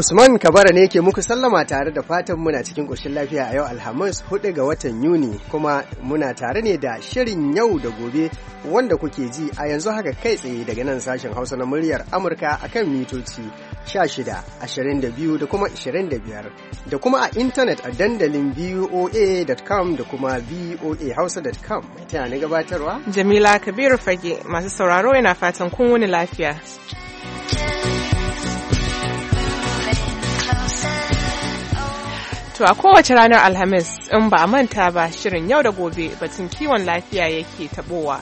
Usman Kabara ne ke muku sallama tare da fatan muna cikin ƙoshin lafiya a yau Alhamis 4 ga watan Yuni kuma muna tare ne da shirin yau da gobe wanda kuke ji a yanzu haka kai tsaye daga nan sashen Hausa na muryar Amurka akan mitoci 16, 22 da kuma 25 da kuma a intanet a dandalin voa.com da kuma voahausa.com mai na gabatarwa Jamila Kabiru Fage masu sauraro yana fatan kun wani lafiya. To a kowace ranar Alhamis in ba a manta ba shirin yau da gobe batun kiwon lafiya yake tabowa.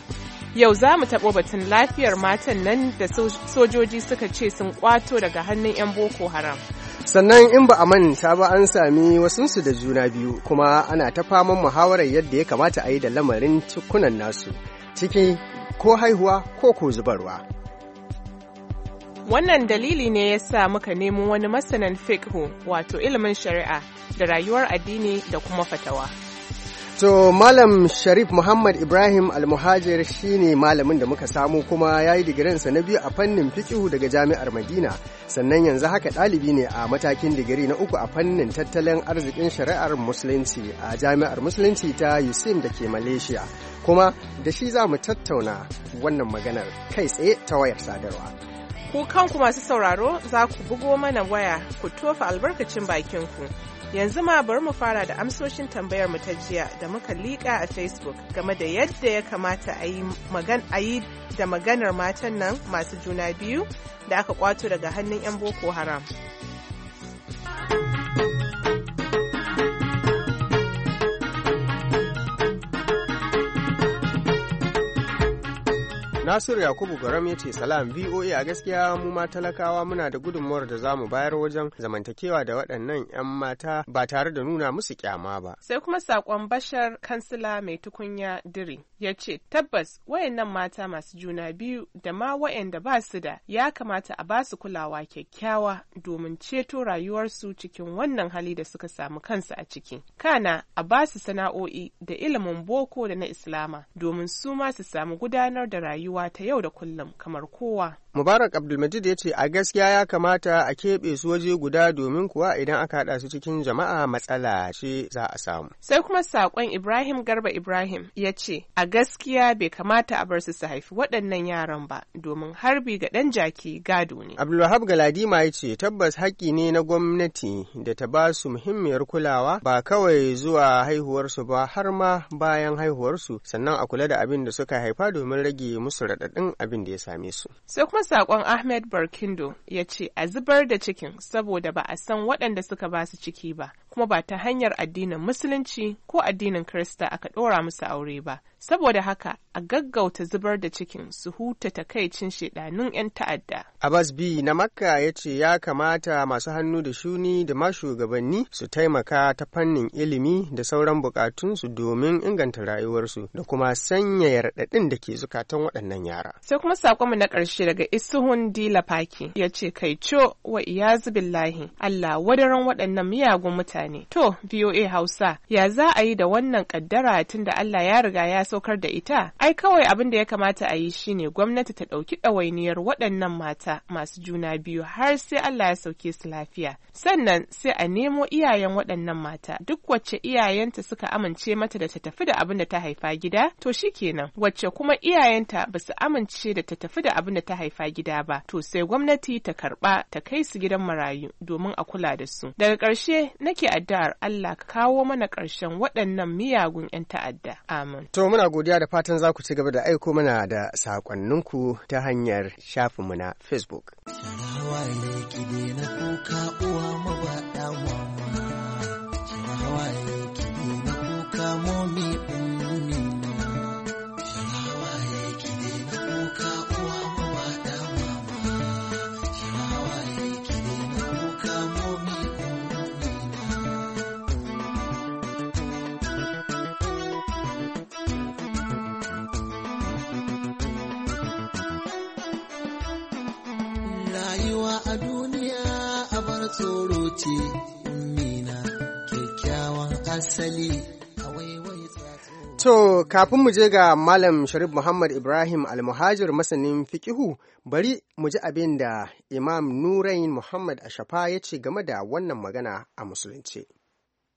Yau za mu taɓo batun lafiyar matan nan da sojoji suka ce sun kwato daga hannun 'yan Boko Haram. Sannan in ba a manta ba an sami wasunsu da juna biyu kuma ana ta faman muhawarar yadda ya kamata a yi da lamarin cikunan nasu ciki ko haihuwa ko ko zubarwa. Wannan dalili ne ya sa muka nemo wani masanan fikhu wato ilimin shari'a da rayuwar addini da kuma fatawa. To Malam Sharif Muhammad Ibrahim Almuhajir ne malamin da muka samu kuma ya yi digirinsa na biyu a fannin fikihu daga Jami'ar Madina. Sannan yanzu haka ɗalibi ne a matakin digiri na uku a fannin tattalin arzikin shari'ar Musulunci a Jami'ar Musulunci ta Yusim da ke Malaysia. Kuma da shi za mu tattauna wannan maganar kai tsaye ta wayar sadarwa. Ku kanku masu sauraro za ku bugo mana waya ku tofa albarkacin bakinku. Yanzu ma bari mu fara da amsoshin tambayar mu ta jiya da muka liƙa a Facebook game da yadda ya kamata a yi da maganar matan nan masu juna biyu da aka kwato daga hannun 'yan Boko Haram. Nasiru Yakubu Garam ya ce salam VOA a gaskiya mu ma talakawa muna da gudunmuwar da za mu bayar wajen zamantakewa da waɗannan 'yan mata ba tare da nuna musu kyama ba. Sai kuma saƙon bashar kansila mai tukunya diri ya ce tabbas wayannan mata masu juna biyu da ma wayanda ba su da ya kamata a ba su kulawa kyakkyawa domin ceto rayuwarsu cikin wannan hali da suka samu kansu a ciki. Kana a ba su sana'o'i da ilimin boko da na Islama domin su ma su samu gudanar da rayuwa rayuwa ta yau da kullum kamar kowa. Mubarak Abdulmajid ya ce a gaskiya ya kamata a keɓe su waje guda domin kuwa idan aka haɗa su cikin jama'a matsala ce za a samu. Sai kuma saƙon Ibrahim Garba Ibrahim ya ce a gaskiya bai kamata a bar su su haifi waɗannan yaran ba domin harbi ga ɗan jaki gado ne. Abdulwahab Galadima ya ce tabbas haƙƙi ne na gwamnati da ta ba su muhimmiyar kulawa ba kawai zuwa haihuwarsu ba har ma bayan haihuwarsu sannan a kula da abin da suka haifa domin rage musu raɗaɗin abin da ya same su. Sai kuma kuma saƙon Ahmed Barkindo ya ce a zubar da cikin saboda ba a san waɗanda suka ba su ciki ba, kuma ba ta hanyar addinin Musulunci ko addinin Kirista aka ɗora musu aure ba, Saboda haka a gaggauta zubar da cikin su huta takaicin shedanun 'yan ta'adda. Abbas B na Makka ya ce ya kamata masu hannu da shuni da ma shugabanni su taimaka ta fannin ilimi da sauran bukatunsu domin inganta rayuwarsu da kuma sanya raɗaɗin da ke zukatan waɗannan yara. Sai kuma sakonmu na ƙarshe daga Isuhun Dila ya ce kai co wa iyazu billahi Allah wadaran waɗannan miyagun mutane. To VOA Hausa ya za a yi da wannan ƙaddara tunda Allah ya riga ya sokar da ita ai kawai abin da ya kamata a yi shine gwamnati ta ɗauki ɗawainiyar waɗannan mata masu juna biyu har sai Allah ya sauke su lafiya sannan sai a nemo iyayen waɗannan mata duk wacce iyayenta suka amince mata da ta tafi da abin da ta haifa gida to shikenan wacce kuma iyayenta ba su amince da ta tafi da abin da ta haifa gida ba to sai gwamnati ta karɓa ta kai su gidan marayu domin a kula da su daga ƙarshe nake addu'ar Allah ka kawo mana ƙarshen waɗannan miyagun 'yan ta'adda amin muna godiya da fatan za ku ci gaba da aiko mana da saƙonninku ta hanyar shafinmu na Facebook. Sharawa rayuwa a duniya a bar tsoro ce mina kyakkyawan asali To, kafin mu je ga Malam Sharif Muhammad Ibrahim Almuhajir masanin fikihu, bari mu ji abin da Imam Nurain Muhammad Ashafa ya ce game da wannan magana a musulunci.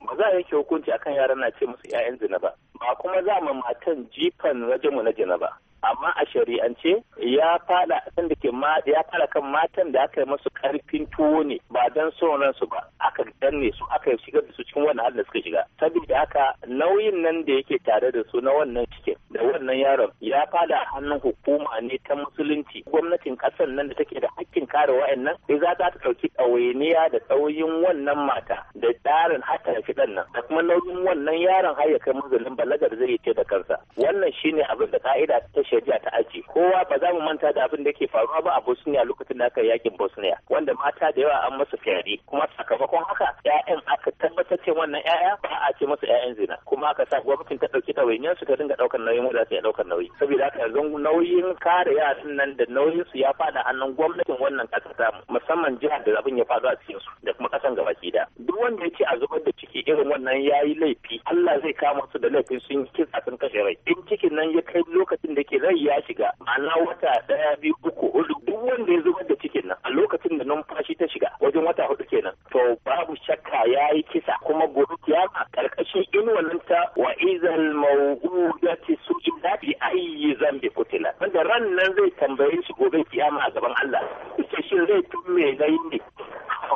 Ba za a yanke hukunci akan yaran na ce musu 'ya'yan zina ba, ba kuma za mu matan jifan rajamu na jina ba. amma a shari'ance ya fada kan da ke ya fada kan matan da aka yi masu karfin tuwo ne ba dan sauran su ba aka danne su aka shigar da su cikin wannan halin da suka shiga saboda haka nauyin nan da yake tare da su na wannan cikin da wannan yaron ya fada hannun hukuma ne ta musulunci gwamnatin ƙasar nan da take da hakkin kare wa'annan sai za ta ɗauki ɗawainiya da ɗauyin wannan mata da tsarin hata fi ɗan nan da kuma nauyin wannan yaron har ya kai mazalin balagar zai ce da kansa wannan shine abin da ka'ida ta shari'a ta aji kowa ba za mu manta da abin da ke faruwa ba a Bosnia lokacin da aka yakin Bosnia wanda mata da yawa an masa fyade kuma sakamakon haka 'ya'yan aka tabbatar ce wannan ƴaƴa ba a ce masa 'ya'yan zina kuma aka sa gwamnatin ta ɗauki ɗawainiyar su ta dinga ɗaukar nauyin nauyin da su iya ɗaukar nauyi saboda haka yanzu nauyin kare yaran nan da nauyin su ya fada hannun gwamnatin wannan ƙasar ta musamman jihar da abin ya faru a cikin su da kuma ƙasan gabaki da duk wanda yake a zubar da ciki irin wannan yayi laifi Allah zai kama su da laifin sun yi kisa sun kashe rai in cikin nan ya kai lokacin da ke rai ya shiga ma'ana wata daya biyu uku hudu duk wanda ya zubar da cikin nan a lokacin da numfashi ta shiga wajen wata hudu kenan to babu shakka ya yi kisa kuma gobe kiyama karkashin inuwalin ta wa izal mawudati su inda bi ayi zambi kutila wanda ran nan zai tambaye shi gobe kiyama a gaban Allah yace shi zai tumme na yin ne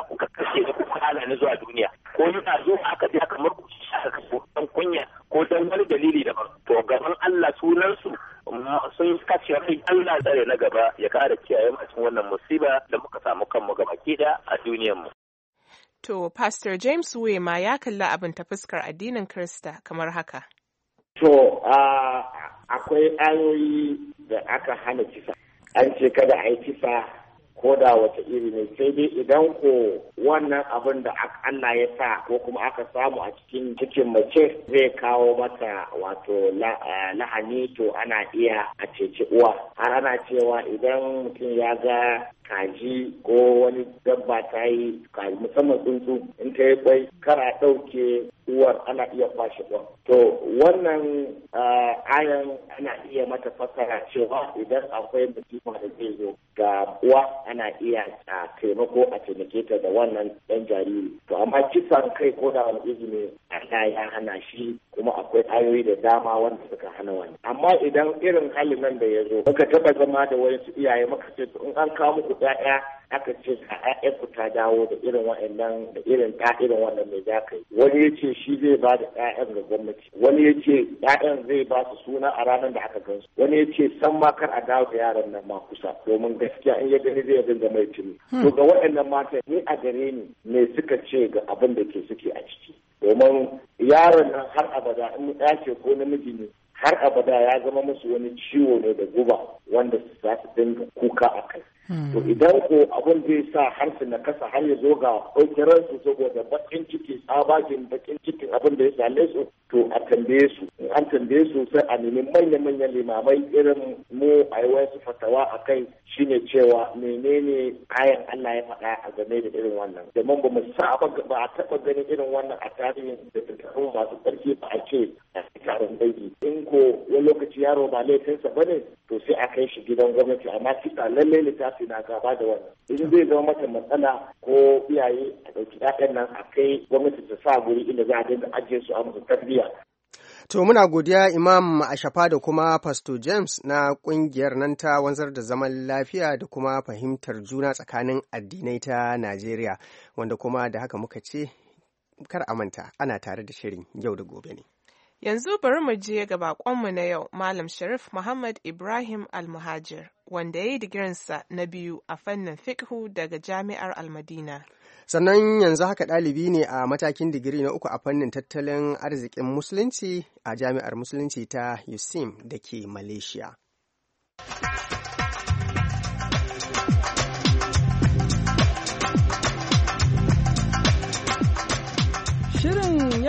kuka kashe da kuka hana ni zuwa duniya ko yana zo aka biya kamar ku aka kashe dan kunya ko dan wani dalili da to gaban Allah sunan su sun kashe rai Allah tsare na gaba ya kara kiyaye mu cikin wannan musiba da muka samu kanmu gaba kida a duniyar mu To, Pastor James Wema ya kalli abin ta fuskar addinin Kirista kamar haka. To, akwai ayoyi da aka hana kisa. An ce kada a yi kisa ko da wata iri ne sai dai idan ko wannan abin da Allah ya sa ko kuma aka samu a cikin cikin mace zai kawo mata wato lahani to ana iya a ceci uwa har ana cewa idan mutum ya ga kaji ko wani dabba ta yi musamman tsuntsu in ta yi kwai kar a ɗauke uwar ana iya kwashe ɗan. To wannan ayan ana iya mata fasara cewa idan akwai musifa da zai zo ga uwa ana iya a taimako a taimake ta da wannan ɗan jariri. To amma kisan kai ko da wani izini a ya hana shi kuma akwai ayoyi da dama wanda suka hana wani amma idan irin halin nan da ya zo baka taba zama da wani iyaye maka ce in an kawo muku 'ya'ya aka ce a ƴaƴan ku ta dawo da irin waɗannan da irin ta irin wannan mai za ka yi wani ya ce shi zai ba da ƴaƴan ga gwamnati wani ya ce ƴaƴan zai ba su suna a ranar da aka gansu wani ya ce san ma kar a dawo da yaran nan ma kusa domin gaskiya in ya gani zai dinga mai tuni hmm. to ga waɗannan matan ni a gare ni me suka ce ga abin da ke suke a ciki domin yaron nan har abada in ya ce ko namiji ne har abada ya zama musu wani ciwo ne da guba wanda su za su dinga kuka a kai. Hmm. To idan ko abin zai sa har su na kasa har ya zo ga ɗaukirar su saboda bakin ciki tsabagen bakin cikin abin da ya same su to a tambaye su. An tambaye su sai a nemi manya-manyan limamai irin mu a yi wasu fatawa a kai shi ne cewa menene kayan Allah ya faɗa a game da irin wannan. Domin ba mu saba ba a taɓa ganin irin wannan a tarihin da masu ƙarfi ba a ce a taron dangi. In ko wani lokaci yaro ba laifinsa ba ne to sai a kai shi gidan gwamnati amma kisa lallai littafi na gaba da wannan in zai zama mata matsala ko iyaye a ɗauki ɗaɗan nan a kai gwamnati ta sa guri inda za a dinga ajiye su a musu tarbiyya To muna godiya Imam Ashafa da kuma Pasto James na kungiyar nan ta wanzar da zaman lafiya da kuma fahimtar juna tsakanin addinai ta Najeriya wanda kuma da haka muka ce kar a manta ana tare da shirin yau da gobe ne. Yanzu bari mu je ga baƙonmu na yau, Malam Sharif Muhammad Ibrahim Almuhajir, wanda ya yi digirinsa na biyu a fannin fiqhu daga Jami'ar Almadina. Sannan yanzu haka ɗalibi ne a matakin digiri na uku a fannin tattalin arzikin Musulunci a Jami'ar Musulunci ta USIM da ke Malaysia.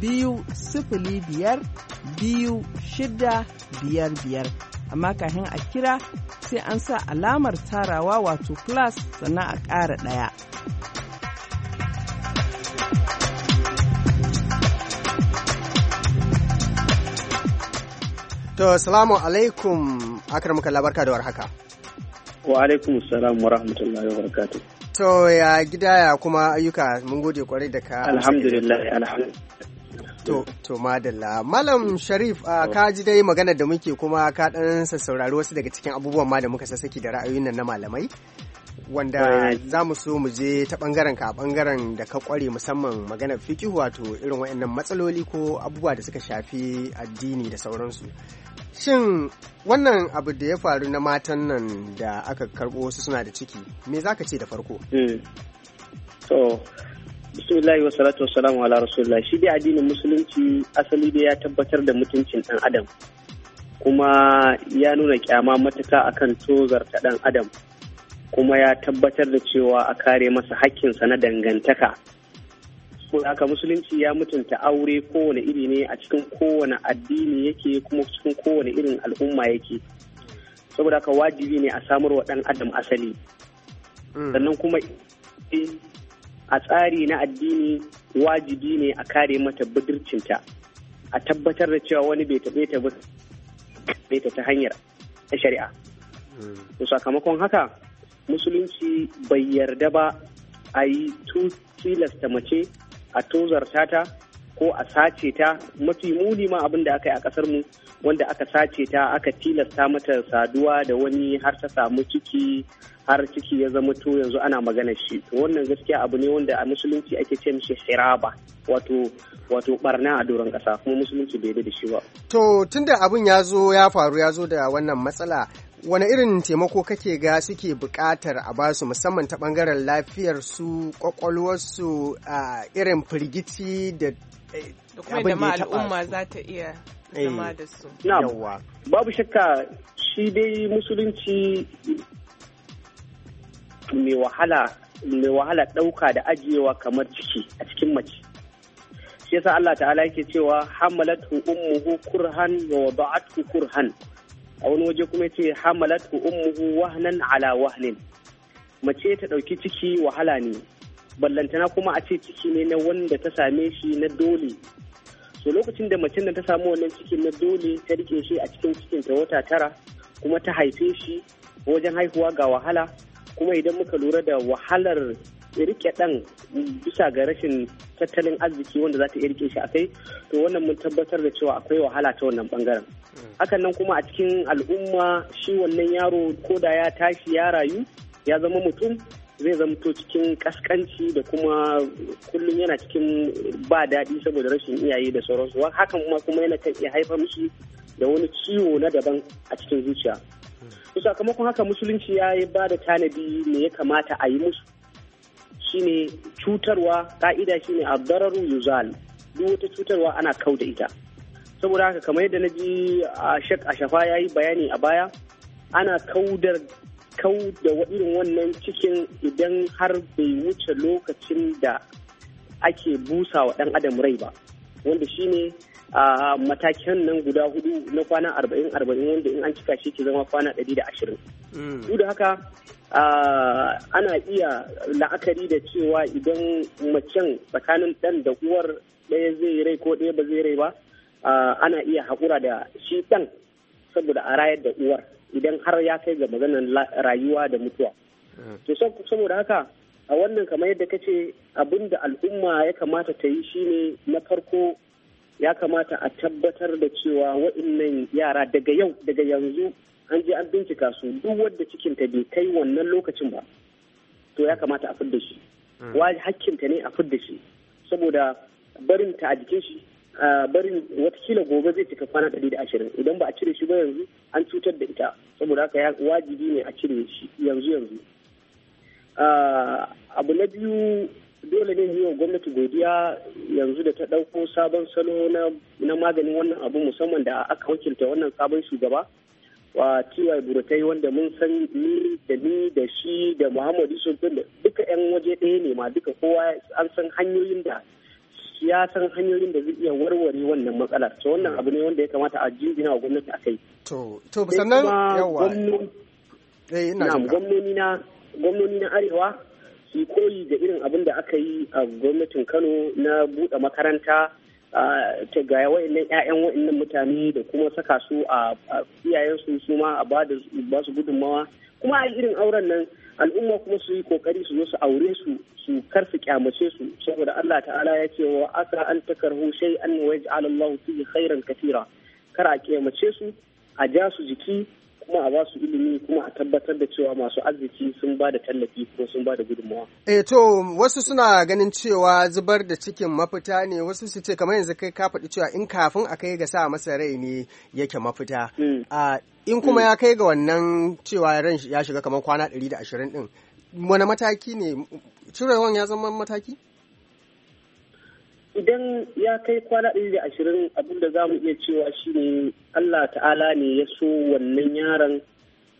biyu sifili biyar biyu shida biyar biyar amma kafin a kira sai an sa alamar tarawa wato plus sannan a ƙara ɗaya. To, salamu alaikum, akar muka labarka da warhaka. Wa alaikum salam wa rahmatullahi wa barakatuh. To, ya gida ya kuma ayyuka mun gode kwarai da ka. Alhamdulillah, alhamdulillah. To, to madalla. Malam Sharif, uh, ka ji dai magana da muke kuma ka ɗan sassaurari wasu daga cikin abubuwan ma da muka sassaki da ra'ayoyin nan na malamai. Wanda za mu so mu je ta ɓangaren ka ɓangaren da ka kware musamman maganar fiki wato irin waɗannan matsaloli ko abubuwa da suka shafi addini da sauransu. Shin wannan abu da ya faru na matan nan da aka karɓo wasu suna da ciki, me za ka ce da farko? Eh. To, bismillahi wa salatu wa salamu ala rasulullah shi dai addinin musulunci asali dai ya tabbatar da mutuncin dan adam kuma ya nuna kyama matuka akan tozarta dan adam kuma ya tabbatar da cewa a kare masa sa na dangantaka haka musulunci ya mutunta aure kowane iri ne a cikin kowane addini yake kuma cikin kowane irin al'umma yake saboda haka wajibi ne a samarwa dan adam asali hmm. sannan kuma a tsari na addini wajibi ne a kare mata budurcinta a tabbatar da cewa wani bai taɓe ta bai ta hanyar ta shari'a hmm. to sakamakon haka musulunci bai yarda ba a yi tilasta mace a tozarta ta ko a sace ta mafi muni ma abin da aka yi a kasar mu wanda aka sace ta aka tilasta mata saduwa da wani har ta samu ciki har ciki ya zama to yanzu ana magana shi wannan gaskiya abu ne wanda a musulunci ake ce mishi hiraba wato wato barna a doron kasa kuma musulunci bai da shi ba to tunda abin ya zo ya faru ya zo da wannan matsala wani irin taimako kake ga suke buƙatar a basu musamman ta bangaren lafiyar su kwakwalwarsu a irin firgici da eh, kuma da al'umma za ta iya eh. zama da su. Babu shakka shi dai musulunci mai wahala ɗauka da ajiyewa kamar ciki a cikin mace shi yasa Allah ta'ala yake cewa hamalatu ummuhu kurhan wa wada'athu kurhan a wani waje kuma yace hamalatu ummuhu wahnan ala wahnin mace ta ɗauki ciki wahala ne ballantana kuma a ce ciki ne na wanda ta same shi na dole to lokacin da mace ta samu wannan cikin na dole ta rike shi a cikin cikin ta wata tara kuma ta haife shi wajen haihuwa ga wahala kuma idan muka lura da wahalar rike ɗan bisa ga rashin tattalin arziki wanda za ta iya rike shi a kai to wannan mun tabbatar da cewa akwai wahala ta wannan bangaren hakan nan kuma a cikin al'umma shi wannan yaro ko da ya tashi ya rayu ya zama mutum zai zamto cikin kaskanci da kuma kullum yana cikin ba daɗi saboda rashin iyaye da sauransu hakan kuma kuma yana iya haifar mishi da wani ciwo na daban a cikin zuciya to sakamakon haka musulunci ya yi ba da tanadi ne ya kamata a yi musu shine cutarwa ka'ida shine bararu yuzal duk wata cutarwa ana kau da ita saboda haka kamar yadda na ji a shek shafa ya yi bayani a baya ana kaudar kau da irin wannan cikin idan har bai wuce lokacin da ake busa wa ɗan adam rai ba wanda shine a matakin nan guda hudu na kwana arba'in arba'in wanda in an cika shi ke zama kwana ɗari da ashirin. Mm. Duk da haka ana iya la'akari da cewa idan macen tsakanin ɗan da uwar ɗaya zai rai ko ɗaya ba zai rai ba ana iya haƙura da shi ɗan saboda a rayar da uwar idan har ya kai ga maganar rayuwa da mutuwa. Mm. To saboda haka a wannan kamar yadda kace abin da al'umma ya kamata ta yi shine na farko ya kamata a tabbatar da cewa waɗannan yara daga yau daga yanzu an je an bincika su duk wadda cikinta bai kai wannan lokacin ba to ya kamata a fidda shi hmm. wa hakkinta ne a fidda shi saboda barin ta a jikin shi barin watakila gobe zai cika kwana ɗari da ashirin idan ba a cire shi ba yanzu an cutar da ita saboda haka wajibi ne a cire shi yanzu yanzu abu na biyu dole ne yi wa gwamnati godiya yanzu da ta ɗauko sabon salo na maganin wannan abu musamman da aka wakilta wannan sabon shugaba wa tiwa buratai wanda mun san ni da ni da shi da muhammad yusuf da duka yan waje ɗaya ne ma duka kowa an san hanyoyin da ya san hanyoyin da zai iya warware wannan matsalar to wannan abu ne wanda ya kamata a jinjina wa gwamnati a kai to to sannan eh, gwamnoni na arewa yi koyi da irin abin da aka yi a gwamnatin kano na buɗe makaranta ta ga wayannan 'ya'yan wayannan mutane da kuma saka su a iyayensu su ma a ba su gudunmawa kuma a irin auren nan al'umma kuma su yi kokari su zo su aure su su kar su kyamace su saboda Allah ta'ala ya ce wa asa an takarhu shay an waj'al fihi khairan katira kar a kyamace su a ja su jiki kuma a basu ilimi kuma a tabbatar da cewa masu arziki sun ba da tallafi kuma sun ba da gudunmawa. E to wasu suna ganin cewa zubar da cikin mafita ne wasu su ce kamar yanzu kai ka faɗi cewa in kafin a kai ga sa masa rai ne yake mafita. Hmm. in kuma hmm. ya kai ga wannan cewa ran ya shiga kamar kwana ɗari da ashirin ɗin wani mataki ne cirewan ya zama mataki? idan ya kai kwana ɗari da ashirin abin da za mu iya cewa shi ne Allah ta'ala ne ya so wannan yaran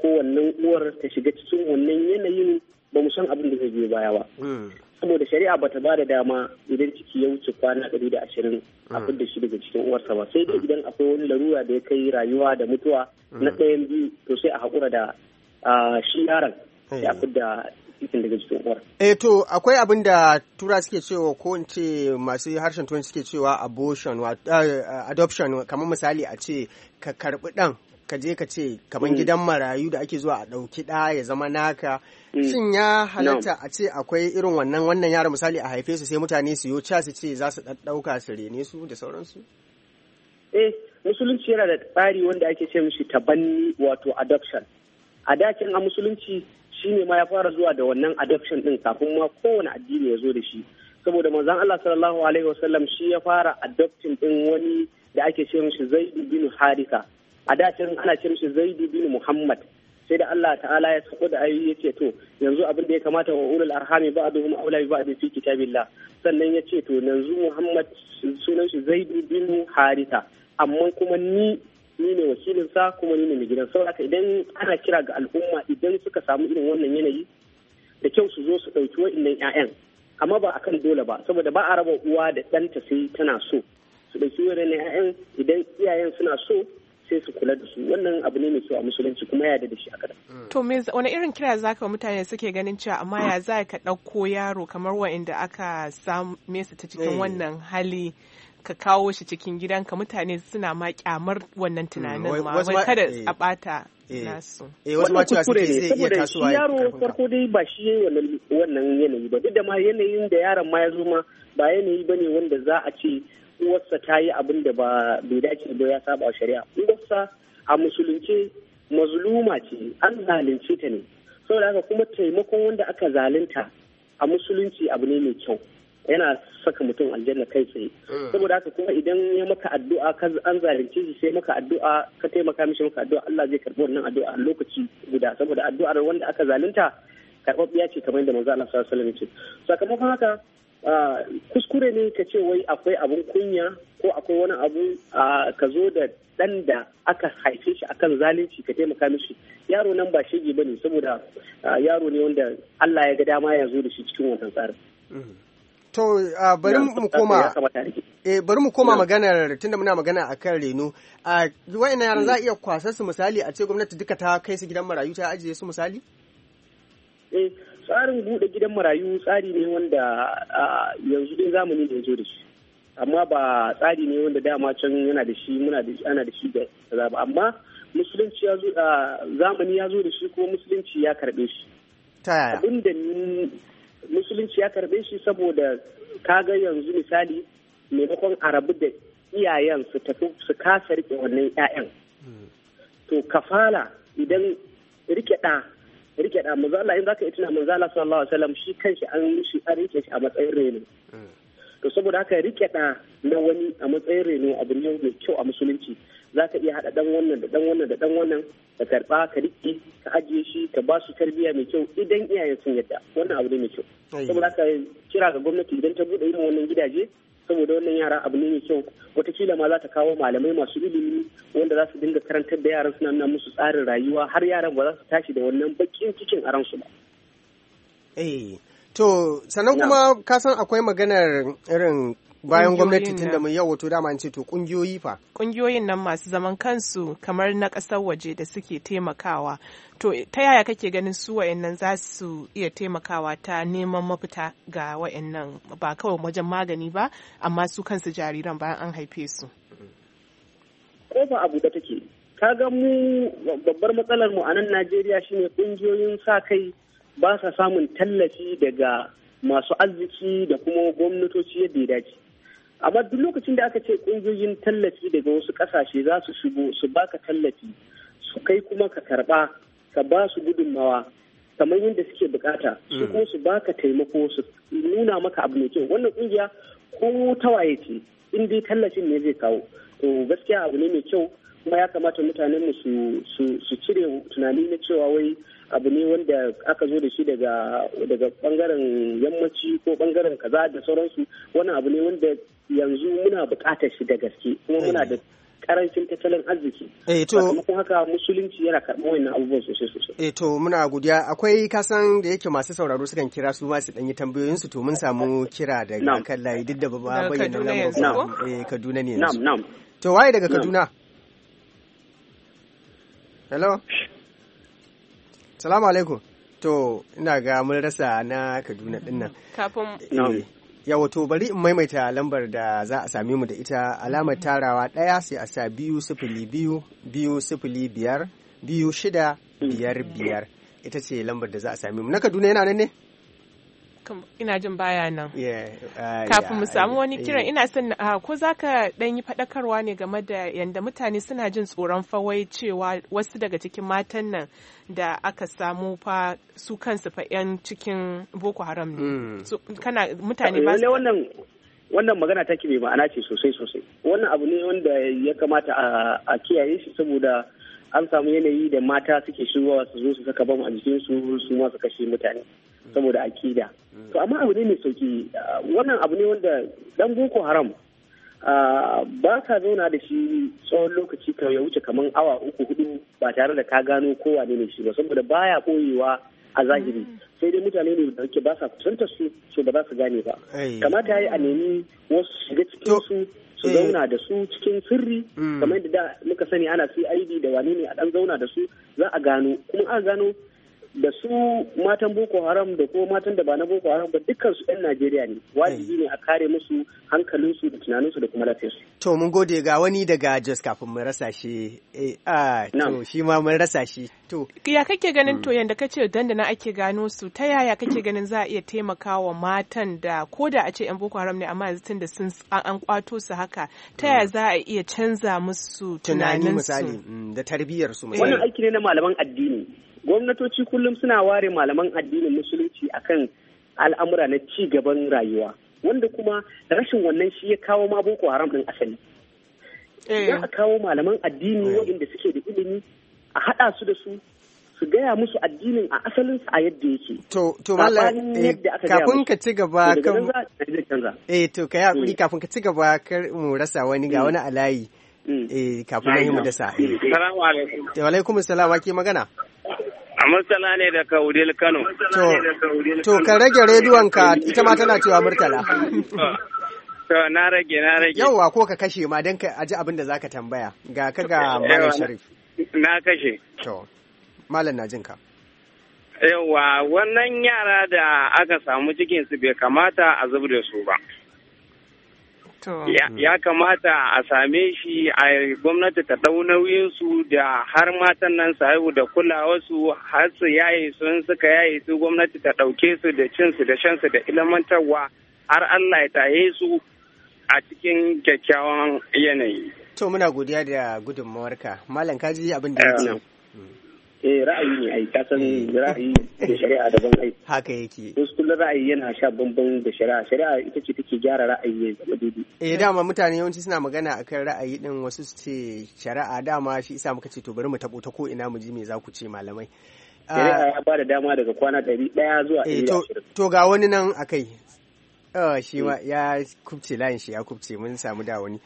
ko wannan uwar ta shiga cikin wannan yanayin ba mu san abin da zai biyo baya ba. Hmm. Saboda shari'a bata ba da dama idan ciki ya wuce kwana ɗari da ashirin a hmm. da shi daga cikin uwarsa ba sai dai hmm. idan akwai wani larura da ya kai rayuwa da mutuwa na ɗayan biyu to sai a haƙura da ah, shi yaron Ya fi da Eh to akwai abin da tura suke cewa ko in ce masu harshen turanci suke cewa abortion eh, adoption kamar misali a ce ka karbi dan ka je ka ce kamar mm. gidan marayu da ake zuwa a ɗauki ɗa ya zama naka mm. shin ya halatta a ce akwai irin wannan wannan yara misali a haife su sai mutane su yi su ce za su ɗauka su rene su da sauransu eh musulunci yana da tsari wanda ake ce mishi tabanni wato adoption a a musulunci shi ne ma ya fara zuwa da wannan adoption din kafin ma kowane addini ya zo da shi saboda manzon Allah sallallahu alaihi wasallam shi ya fara adopting din wani da ake ce mishi Zaid bin Haritha a da can ana ce mishi Zaid bin Muhammad sai da Allah ta'ala ya sako da ayi yace to yanzu abin da ya kamata wa ulul arhami ba'duhum aula bi ba'd fi kitabillah sannan yace to yanzu Muhammad sunan shi Zaid bin Haritha amma kuma ni ni ne wakilinsa kuma ni ne mai gidan saboda idan ana kira ga al'umma idan suka samu irin wannan yanayi da kyau su zo su ɗauki wa'innan 'ya'yan amma ba akan dole ba saboda ba a raba uwa da ɗanta sai tana so su ɗauki wa'innan 'ya'yan idan iyayen suna so sai su kula da su wannan abu ne mai kyau a musulunci kuma ya da shi a kada. Mm. To me wani irin kira za ka mutane suke ganin cewa amma ya za ka ɗauko yaro kamar wa'inda aka samu mesa ta cikin eh. wannan hali ka kawo shi cikin gidanka mutane suna ma kyamar wannan tunanin hmm, ma wai kada a bata eh, eh, nasu eh yaro farko dai ba shi wannan yanayi ba duk da ma yanayin da yaron ma ya zo ma ba yanayi bane wanda za a ce uwarsa ta yi abin da ba bai dace ba ya saba shari'a uwarsa a musulunce mazluma ce an zalunce ta ne saboda haka kuma taimakon wanda aka zalunta a musulunci abu ne mai kyau yana saka mutum aljanna kai tsaye mm. saboda haka kuma idan ya maka addu'a ka an zalunce shi sai maka addu'a ka taimaka mishi maka addu'a Allah zai karbi wannan addu'a lokaci guda saboda addu'ar wanda aka zalunta karɓaɓɓiya ce kamar yadda manzo Allah sallallahu alaihi wasallam ya ce sakamakon haka kuskure ne ka ce wai akwai abun kunya ko akwai wani abu ka zo da ɗan da aka haife shi akan zalunci ka taimaka mishi yaro nan ba shege ba ne saboda yaro ne wanda Allah ya ga dama ya zo da shi cikin wannan tsarin. Mm. To bari mu koma eh bari mu koma maganar tunda muna magana akan reno. A wayannan yaran za a iya kwasa su misali a ce gwamnati duka ta kai su gidan marayu ta ajiye su misali? Eh tsarin bude gidan marayu tsari ne wanda yanzu din zamani da ya zo da shi. Amma ba tsari ne wanda dama can yana da shi muna da shi ana da shi da ba amma musulunci ya zo zamani ya zo da shi kuma musulunci ya karbe shi. Ta yaya? Abinda musulunci ya karbe shi saboda kaga yanzu misali maimakon a rabu da iyayen su tafi su kasa rike wannan 'ya'yan to kafala idan rike ɗa rike ɗa manzo Allah yi tuna manzo Allah sallallahu alaihi wasallam shi kanshi an shi an rike shi a matsayin reno to saboda haka rike ɗa na wani a matsayin reno abu ne mai kyau a musulunci za ka iya haɗa ɗan wannan da ɗan wannan da ɗan wannan ka karɓa ka riƙe ka ajiye shi ka ba su tarbiyya mai kyau idan iyayen sun yadda wannan abu ne mai kyau saboda haka kira ga gwamnati idan ta buɗe irin wannan gidaje saboda wannan yara abu ne mai kyau watakila ma za ta kawo malamai masu ilimi wanda za su dinga karantar da yaran suna nuna musu tsarin rayuwa har yaran ba za su tashi da wannan baƙin cikin aransu ba. To, sannan kuma ka san akwai maganar irin bayan gwamnati tun da mai yau wato dama ce to kungiyoyi fa. Kungiyoyin nan masu zaman kansu kamar na ƙasar waje da suke taimakawa. To, ta yaya kake ganin su wa'annan za su iya taimakawa ta neman mafita ga wa'annan ba kawai wajen magani ba, amma su kansu jariran bayan an haife su. Kofa abu take, ka ga mu babbar matsalar mu a nan Najeriya shine ƙungiyoyin sa kai ba sa samun tallafi daga masu arziki da kuma gwamnatoci yadda ya dace amma duk lokacin da aka ce ƙungiyoyin tallafi daga wasu ƙasashe za su shigo su baka tallafi su kai kuma ka karɓa ka ba su gudunmawa kamar yadda suke bukata su mm. kuma su baka taimako su nuna maka abu mai kyau wannan ƙungiya ko tawaye ce in dai tallafin ne zai kawo to gaskiya abu ne mai kyau kuma ya kamata mutanen mu su cire tunani na cewa wai abu ne wanda aka zo da shi daga daga bangaren yammaci ko bangaren kaza da sauransu wani abu ne wanda yanzu muna buƙatar shi da gaske kuma muna da karancin tattalin arziki. Eh to haka musulunci yana karɓar wannan abubuwan sosai sosai. Eh to muna godiya akwai kasan da yake masu sauraro sukan kira su ma su dan yi tambayoyin su to mun samu kira daga kan layi duk da ba bayyana lamarin. Eh Kaduna ne yanzu. Na'am na'am. To waye daga Kaduna? hello salamu alaikum to ina ga mun rasa na kaduna dinnan kafin eh, yawa to bari in maimaita lambar da za a sami mu da ita alamar tarawa ɗaya sai a sa biyu sifili biyu biyu sifili biyar biyu shida biyar biyar ita ce lambar da za a sami mu na kaduna yana nan ne ina jin baya nan uh, kafin mu samu wani eh, kiran eh. ina son ah, ko za ka dan yi fadakarwa ne game da yadda mutane suna jin tsoron fawai cewa wasu daga cikin matan nan da aka samu fa su kansu fa yan cikin boko haram ne mm. kana mutane ba eh, su wannan wannan magana take mai ma'ana ce sosai sosai wannan abu ne wanda ya kamata a kiyaye shi saboda an samu yanayi da mata suke shigowa su zo su saka bam a jikinsu su ma su kashe mutane saboda akida to amma abu ne mai sauki wannan abu ne wanda dan boko haram ba sa zauna da shi tsawon lokaci ka ya wuce kamar awa uku hudu ba tare da ka gano kowa ne shi ba saboda baya koyewa a zahiri mm. sai dai mutane ne da ke ba sa kusantar su so ba za su gane ba kamata ya yi a nemi wasu shiga cikin su su zauna da su cikin sirri mm. kamar da muka sani ana CID da wane ne a dan zauna da su za a gano kuma a gano da su matan boko haram da kuma matan da ba na boko haram ba dukkan su 'yan najeriya ne wajibi ne a kare musu hankalinsu da tunaninsu da kuma lafiyarsu to mun gode ga wani daga jos kafin mun rasa shi eh, a to shi ma mun rasa shi to ya kake ganin to hmm. yanda kace dandana ake gano su ta yaya kake ganin za a iya taimakawa matan da ko da a ce 'yan boko haram ne amma yanzu tun da sun an kwato su haka ta yaya hmm. za a iya canza musu tunaninsu hmm, misali da tarbiyyar su wannan aiki ne na malaman addini gwamnatoci kullum suna ware malaman addinin musulunci akan al'amura na ci gaban rayuwa wanda kuma rashin wannan shi ya kawo ma boko haram din asali eh. za a kawo malaman addini eh. waɗanda suke da ilimi a haɗa su da su su gaya musu addinin a asalin a yadda yake. To, to eh, kafin ka ci gaba kan eh to ka hakuri mm. kafin ka ci gaba kar mu rasa wani ga mm. wani alayi mm. eh kafin mu dasa. Assalamu alaikum. Wa alaikum assalam wa ke magana? Murtala ne da Kaudil Kano. To, ka rage rediyonka ita ma tana cewa Murtala. To, na rage, na rage. Yawwa ko ka kashe ma don ka aji abin da za ka tambaya ga ka ga Malam Sharif. Na kashe. To, Malam na jinka. Yawwa, wannan yara da aka samu cikinsu bai kamata a zub da su ba. Ya kamata a same shi a gwamnati ta ɗau su da har matan nan su haihu da su har su yaye sun suka yaye su gwamnati ta ɗauke su da cin su da shan su da ilmantarwa har Allah ya taye su a cikin kyakkyawan yanayi. To muna godiya da gudunmawarka. Malam kaji abin da ya ce. eh ra'ayi ne ai kasan ra'ayi da shari'a daban ai haka yake wasu kullum ra'ayi yana sha bambam da shari'a shari'a ita ce take gyara ra'ayi ya zama daidai eh dama mutane yawanci suna magana akan ra'ayi din wasu su ce shari'a dama shi isa muka ce to bari mu tabo ta ko ina mu ji me za ku ce malamai ah, shari'a ya ba da dama daga kwana ɗari ɗaya zuwa eh, ɗari to ga wani nan akai ah, shi mm. ya kubce layin shi ya kubce mun samu da wani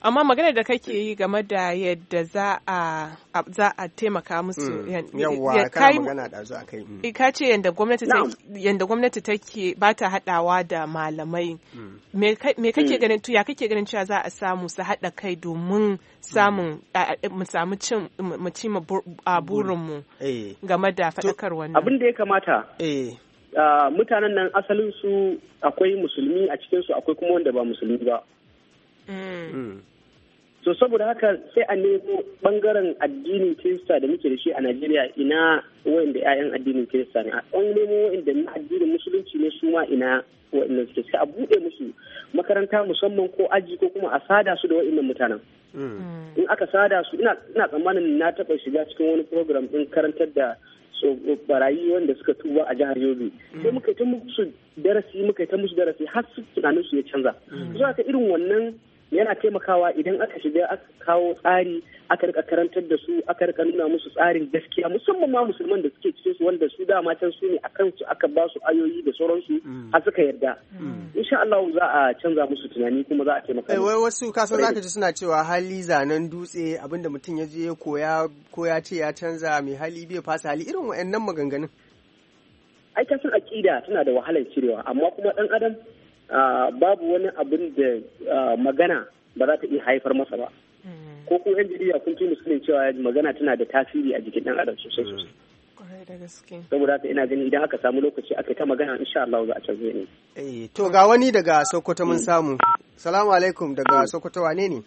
amma magana da kake yi game da yadda za a za a taimaka musu mm. yawa kai magana da za kai mm. ka ce yadda gwamnati yadda gwamnati take ba ta hadawa da malamai mm. me kake ganin ya kake ganin cewa za a samu su hada kai domin samun mu samu cin mu ci burin mu eh. game da fadakar wannan abin da ya kamata eh. mutanen nan asalin su akwai musulmi a cikin su akwai kuma wanda ba musulmi ba Mm. Mm. so saboda haka sai a nemo bangaren addinin kirista da muke da shi a najeriya ina wayan da 'ya'yan addinin kirista ne a ɗan nemo wayanda addinin musulunci ne su ma ina wayan suke sai a buɗe musu makaranta musamman ko aji ko kuma a sada su da wayan mutanen mm. in aka sada su ina tsammanin na taɓa shiga cikin wani program ɗin karantar da so barayi wanda suka tuba a jihar yobe sai muka ta musu darasi muka ta musu darasi har su tunanin su ya canza zuwa ka irin wannan yana taimakawa idan aka shiga aka kawo tsari aka rika karantar da su aka rika nuna musu tsarin gaskiya musamman ma musulman da suke cikin su wanda su dama can su ne akan su aka ba su ayoyi da sauransu mm. har suka yarda mm. insha Allah za a canza musu tunani kuma za a taimaka eh wai wasu ka san zaka ji suna cewa hali zanen dutse abinda mutum ya je koya ko ya ce ya canza mai hali bai fasa hali irin wa'annan maganganun ai akida tana da wahalar cirewa amma kuma dan adam babu wani abin da magana ba za ta iya haifar masa ba mm. ko kuma yan jarida kun tuni sanin cewa magana tana da tasiri a jikin dan adam sosai sosai mm. saboda haka ina gani idan aka samu lokaci aka ta magana insha Allah za a canza ne eh to ga wani daga Sokoto mun samu salamu alaikum daga Sokoto wane ne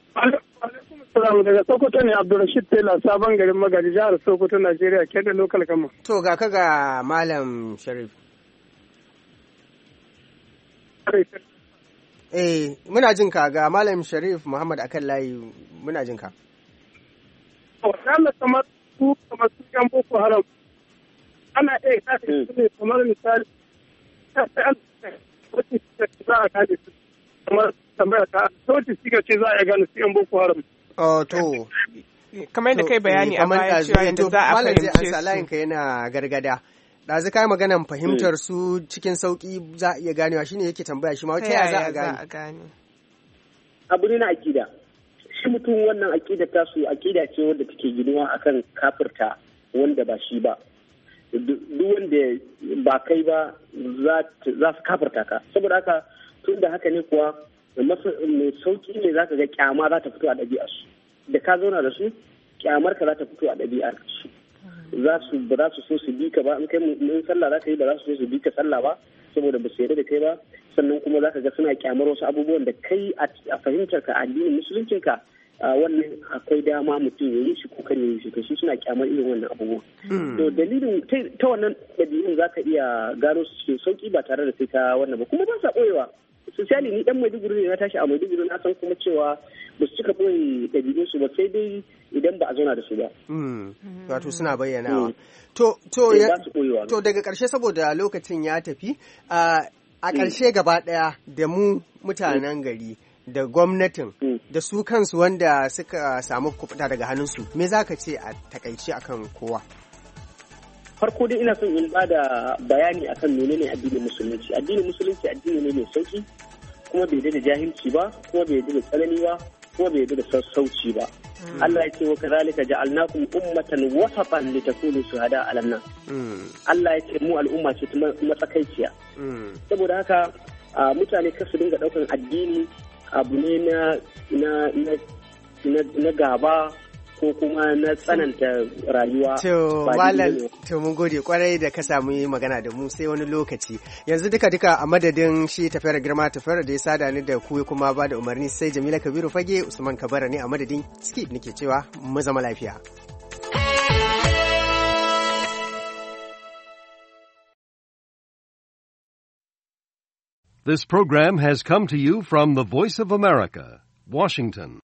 daga Sokoto ne Abdulrashid Taylor sabon garin Magaji jihar Sokoto Najeriya kenan da lokal kama. To ga ka ga Malam Sharif. Eh, muna jin ka ga Malam Sharif Muhammad akan layi muna jin ka. Wadanda kamar su kamar su yan Boko Haram ana iya kashe su hmm. ne kamar misali wacce za a kashe su kamar tambaya ta soji suka ce za a gane su yan Boko Haram. Oh, to. Kamar yadda kai bayani eh, a baya cewa yadda za a fahimce su. Malam zai ansa layin ka yana gargada. ɗazu kai maganan fahimtar eh. su cikin sauƙi za a iya ganewa shine yake tambaya shi ma ta yaya za a gane abu ne na akida shi mutum wannan akida ta su akida ce wanda take ginuwa akan kafirta wanda ba shi ba duk wanda ba kai ba za su kafirta ka saboda haka tun da haka ne kuwa mai sauƙi ne za ka ga kyama za ta fito a ɗabi'ar su da ka zauna da su kyamar ka za ta fito a ɗabi'ar su za su ba za su so su bi ka ba in kai mun sallah za ka yi ba za su so su bi ka sallah ba saboda ba su yarda da kai ba sannan kuma za ka ga suna kyamar wasu abubuwan da kai a fahimtar ka addinin musuluncin ka wannan akwai dama mutum ya yi shi ko kan yi shi to su suna kyamar irin wannan abubuwan hmm. to dalilin ta wannan ɗabi'un za ka iya gano su cikin sauki ba tare da sai ka wannan ba kuma ba sa ɓoyewa misali ni dan maiduguri ne na tashi a maiduguri na san kuma cewa ba su cika boye ɗabi'un su ba sai dai idan ba a zauna da su ba. Hmm. wato suna bayyana hmm. to eh, to daga ƙarshe saboda lokacin ya tafi a hmm. ƙarshe gaba ɗaya da mu mutanen gari da gwamnatin da su kansu wanda suka samu kufuta daga hannun su me za ka ce a takaice akan kowa farko dai ina son in ba da bayani akan menene addinin musulunci addinin musulunci addini ne mai sauki kuma bai da jahilci ba kuma bai da tsanani ba kuma bai da sassauci ba hmm. Allah ya ce wa kazalika ja'alnakum ummatan wasatan litakunu shuhada 'alan nas hmm. Allah ya ce mu al'umma ce matsakaiciya hmm. saboda haka mutane kasu dinga daukan addini abu ne na na na gaba ko kuma na tsananta rayuwa to malam to mun gode kwarai da ka samu yi magana da mu sai wani lokaci yanzu duka duka a madadin shi tafiyar girma tafiyar da ya sada ni da ku kuma ba da umarni sai Jamila Kabiru Fage Usman Kabara ne a madadin ski nake cewa mu zama lafiya This program has come to you from the Voice of America, Washington.